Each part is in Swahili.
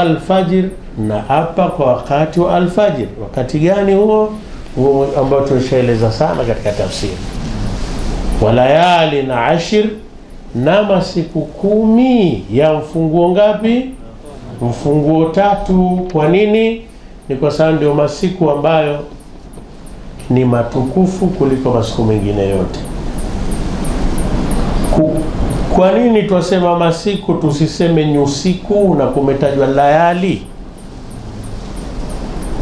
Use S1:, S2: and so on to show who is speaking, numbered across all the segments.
S1: alfajir, na hapa kwa wakati wa alfajir. Wakati gani huo? Huo ambao tunashaeleza sana katika tafsiri. Walayali na ashir, na masiku kumi ya mfunguo ngapi? Mfunguo tatu. Kwa nini? Ni kwa sababu ndio masiku ambayo ni matukufu kuliko masiku mengine yote kwa nini twasema masiku tusiseme nyusiku na kumetajwa layali?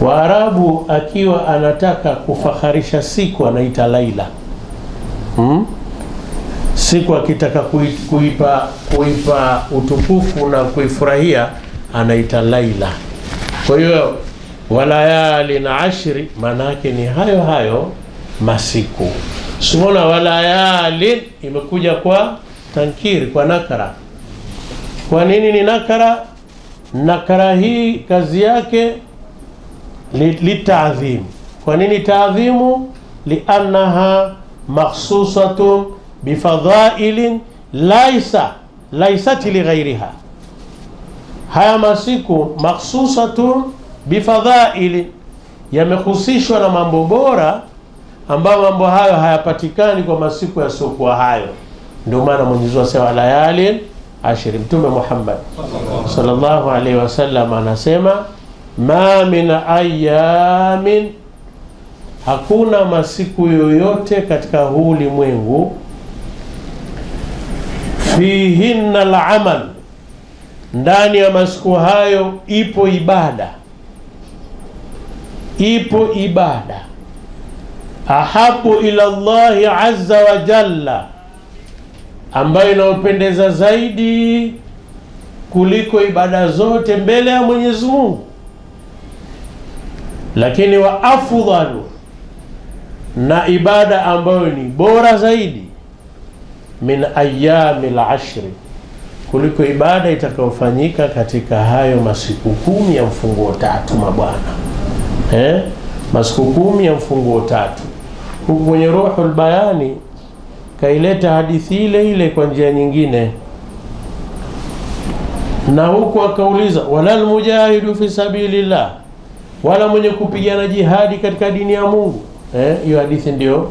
S1: Waarabu akiwa anataka kufaharisha siku anaita laila hmm? Siku akitaka kuipa kuipa utukufu na kuifurahia anaita laila. Kwa hiyo walayali na ashri, maana yake ni hayo hayo masiku. Simona walayali imekuja kwa tankiri kwa nakara. Kwa nini ni nakara? Nakara hii kazi yake litaadhimu kwa nini taadhimu? Liannaha makhsusatun bifadhailin laisa laisati lighairiha, haya masiku makhsusatun bifadhailin, yamehusishwa na mambo bora ambayo mambo hayo hayapatikani kwa masiku yasiokuwa hayo. Ndio maana Mwenyezi Mungu asema layalin ashiri. Mtume Muhammad sallallahu alaihi wasallam anasema ma min ayamin, hakuna masiku yoyote katika huu ulimwengu fihinna alamal, ndani ya masiku hayo ipo ibada, ipo ibada ahabu ila llahi azza wa jalla ambayo inaopendeza zaidi kuliko ibada zote mbele ya Mwenyezi Mungu, lakini wa afdhalu, na ibada ambayo ni bora zaidi min ayami lashri, kuliko ibada itakayofanyika katika hayo masiku kumi ya mfunguo tatu, mabwana eh? masiku kumi ya mfunguo tatu huku kwenye Ruhul Bayani kaileta hadithi ile ile kwa njia nyingine, na huku akauliza wala almujahidu fi sabilillah, wala mwenye kupigana jihadi katika dini ya Mungu. Eh, hiyo eh, hadithi ndio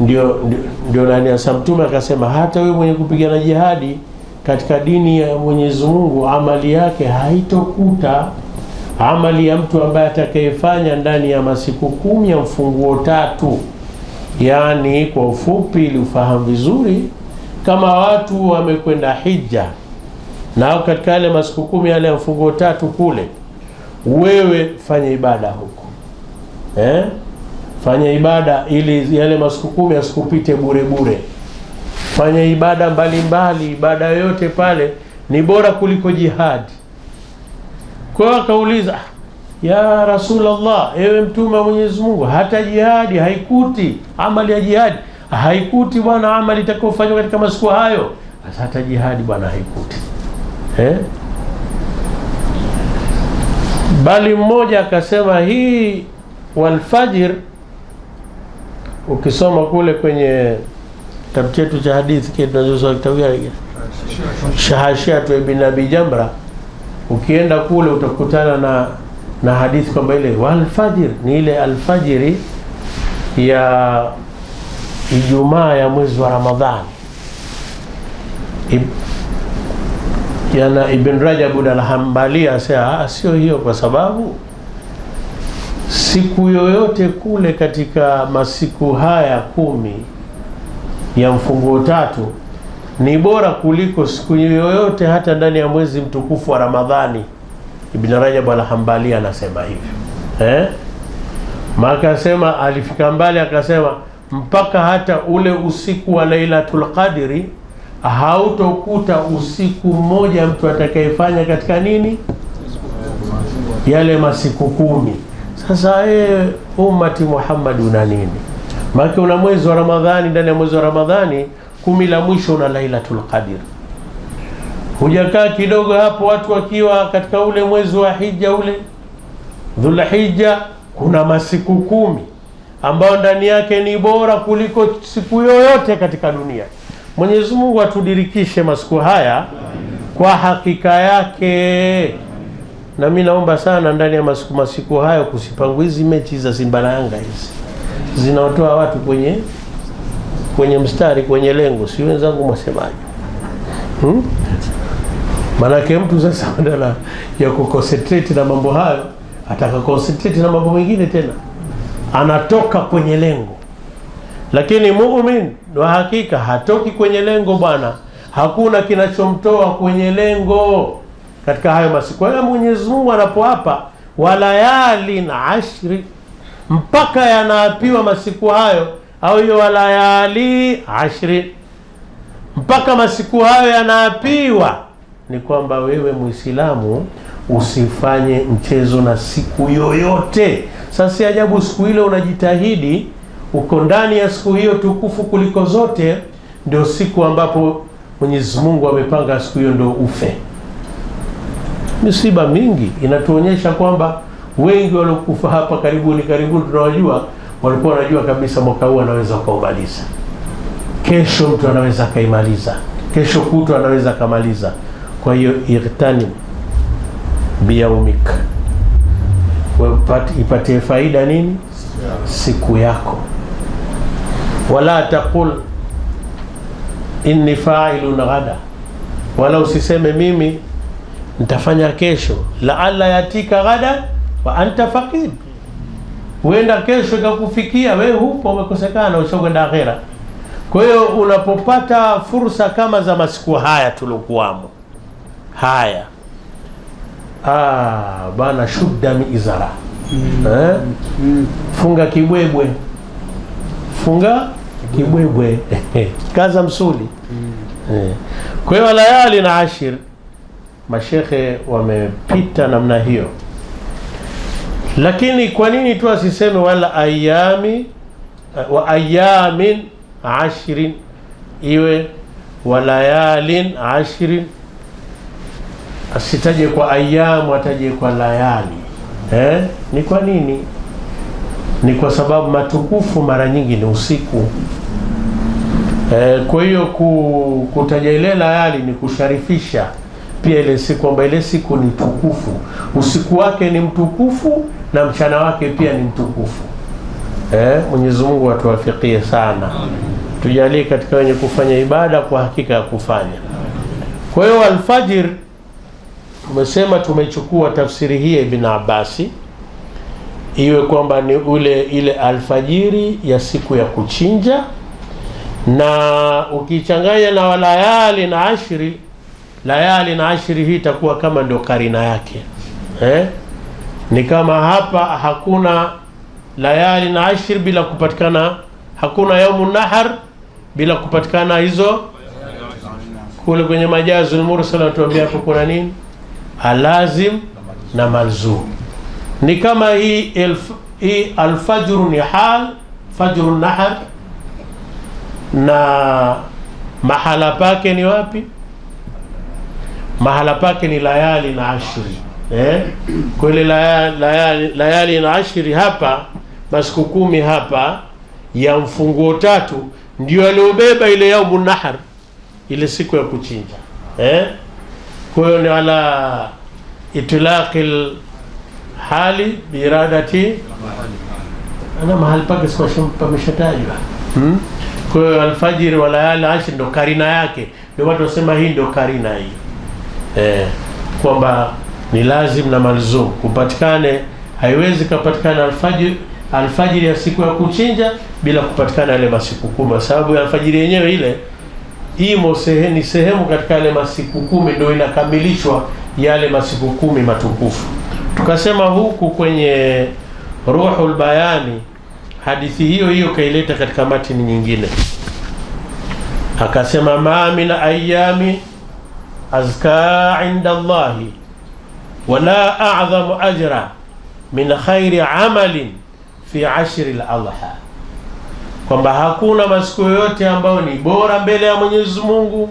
S1: ndio ndio nani asa Mtume akasema hata wewe mwenye kupigana jihadi katika dini ya Mwenyezi Mungu, amali yake haitokuta amali ya mtu ambaye atakayefanya ndani ya masiku kumi ya mfunguo tatu Yaani kwa ufupi, ili ufahamu vizuri, kama watu wamekwenda hija na katika yale masiku kumi yale ya mfungo tatu kule, wewe fanya ibada huko eh? Fanya ibada ili yale masiku kumi yasikupite bure bure. Fanya ibada mbalimbali mbali, ibada yote pale ni bora kuliko jihadi. Kwa hiyo akauliza ya rasulllah ewe mtume wa Mwenyezi Mungu, hata jihadi haikuti, amali ya jihadi haikuti bwana, amali itakayofanywa katika masiku hayo, hata jihadi bwana haikuti eh? Bali mmoja akasema hii walfajir ukisoma kule kwenye kitabu chetu cha hadithi kile kitabu Shahashia tu ibn Abi Jamra, ukienda kule utakutana na na hadithi kwamba ile walfajir ni ile alfajiri ya Ijumaa ya mwezi wa Ramadhani. Yana Ibn Rajab al-Hanbali asema ah, sio hiyo, kwa sababu siku yoyote kule katika masiku haya kumi ya mfunguo tatu ni bora kuliko siku yoyote hata ndani ya mwezi mtukufu wa Ramadhani. Ibn Rajab al hambali anasema hivyo eh? Maka asema alifika mbali akasema mpaka hata ule usiku wa Lailatul Qadri hautokuta usiku mmoja mtu atakayefanya katika nini yale masiku kumi. Sasa ee, ummati Muhammad una nini? Maka una mwezi wa Ramadhani, ndani ya mwezi wa Ramadhani kumi la mwisho una Lailatul Qadri hujakaa kidogo hapo, watu wakiwa katika ule mwezi wa hija ule Dhulhija, kuna masiku kumi ambayo ndani yake ni bora kuliko siku yoyote katika dunia. Mwenyezi Mungu atudirikishe masiku haya kwa hakika yake. Na mi naomba sana ndani ya masiku masiku hayo kusipangwa hizi mechi za Simba na Yanga hizi zinaotoa watu kwenye kwenye mstari kwenye lengo, si wenzangu mwasemaji hmm? Maanake mtu sasa badala ya kuconcentrate na mambo hayo ataka concentrate na mambo mengine tena, anatoka kwenye lengo. Lakini muumini wa hakika hatoki kwenye lengo bwana, hakuna kinachomtoa kwenye lengo katika hayo masiku. Hayo Mwenyezi Mungu anapoapa walayalin ashri, mpaka yanaapiwa masiku hayo au hiyo walayali ashri, mpaka masiku hayo yanaapiwa ni kwamba wewe Muislamu usifanye mchezo na siku yoyote. Sasa si ajabu siku ile unajitahidi, uko ndani ya siku hiyo tukufu kuliko zote, ndio siku ambapo Mwenyezi Mungu amepanga siku hiyo ndio ufe. Misiba mingi inatuonyesha kwamba wengi waliokufa hapa karibuni karibuni, tunawajua walikuwa wanajua kabisa mwaka huu anaweza kaumaliza kesho mtu anaweza akaimaliza, kesho kutwa anaweza akamaliza. Kwa hiyo ightani biyaumik, ipatie faida nini siku yako. Wala taqul inni failun ghada, wala usiseme mimi nitafanya kesho. Laalla yatika ghada wa anta faqid, huenda kesho ikakufikia wewe, hupo umekosekana, ushakwenda akhera. Kwa hiyo unapopata fursa kama za masiku haya tuliokuwamo Haya, ah, bana shudda mizara mm. Eh? Mm. Funga kibwebwe, funga kibwebwe kaza msuli mm. Eh. Kwa hiyo layali na ashir mashekhe wamepita namna hiyo, lakini kwa nini tu asiseme wala ayami wa ayamin ashirin iwe walayalin ashrin asitaje kwa ayamu, ataje kwa layali eh? Ni kwa nini? Ni kwa sababu matukufu mara nyingi ni usiku eh, kwa hiyo ku, kutaja ile layali ni kusharifisha pia ile siku kwamba ile siku ni tukufu, usiku wake ni mtukufu na mchana wake pia ni mtukufu eh? Mwenyezi Mungu atuwafikie sana, tujalie katika wenye kufanya ibada kwa hakika ya kufanya. Kwa hiyo alfajiri Tumesema tumechukua tafsiri hii ya Ibn abasi iwe kwamba ni ule ile alfajiri ya siku ya kuchinja, na ukichanganya na walayali na ashri, layali na ashri hii itakuwa kama ndio karina yake eh? Ni kama hapa hakuna layali na ashri bila kupatikana, hakuna yaumu nahar bila kupatikana hizo. Kule kwenye majazi mursal anatuambia hapo kuna nini? alazim na malzum. Ni kama hii elf, hii alfajru ni hal fajru nahar, na mahala pake ni wapi? Mahala pake ni layali na ashri eh? Kwa layali, layali, layali na ashri hapa masiku kumi hapa ya mfunguo tatu ndio aliobeba ile yaumu nahar, ile siku ya kuchinja eh? Huyo ni ala itilaqil hali biiradati
S2: ana mahali pake pameshatajwa. Hmm?
S1: Kwa hiyo alfajiri wa layali ashri ndo karina yake, ndio watu wasema hii ndio karina hii eh, kwamba ni lazim na malzum kupatikane. Haiwezi kupatikana alfajiri alfajiri ya siku ya kuchinja bila kupatikana yale masiku kumi, sababu alfajiri yenyewe ile imo sehe, ni sehemu katika yale masiku kumi, ndio inakamilishwa yale masiku kumi matukufu. Tukasema huku kwenye Ruhul Bayani hadithi hiyo hiyo kaileta katika matini nyingine, akasema ma min ayami azka inda llahi wala a'dhamu ajra min khairi amalin fi ashri al-adha kwamba hakuna masiku yoyote ambayo ni bora mbele ya Mwenyezi Mungu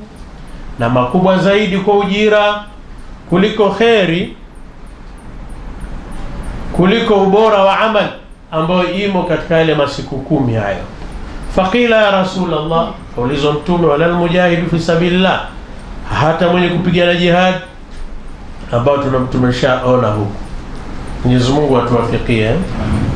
S1: na makubwa zaidi kwa ujira kuliko kheri kuliko ubora wa amal ambayo imo katika yale masiku kumi hayo. Faqila ya Rasulullah, kaulizwa Mtume, wala almujahidu fi sabilillah, hata mwenye kupigana jihad ambao tumeshaona huku. Mwenyezi Mungu atuwafikie. Eh?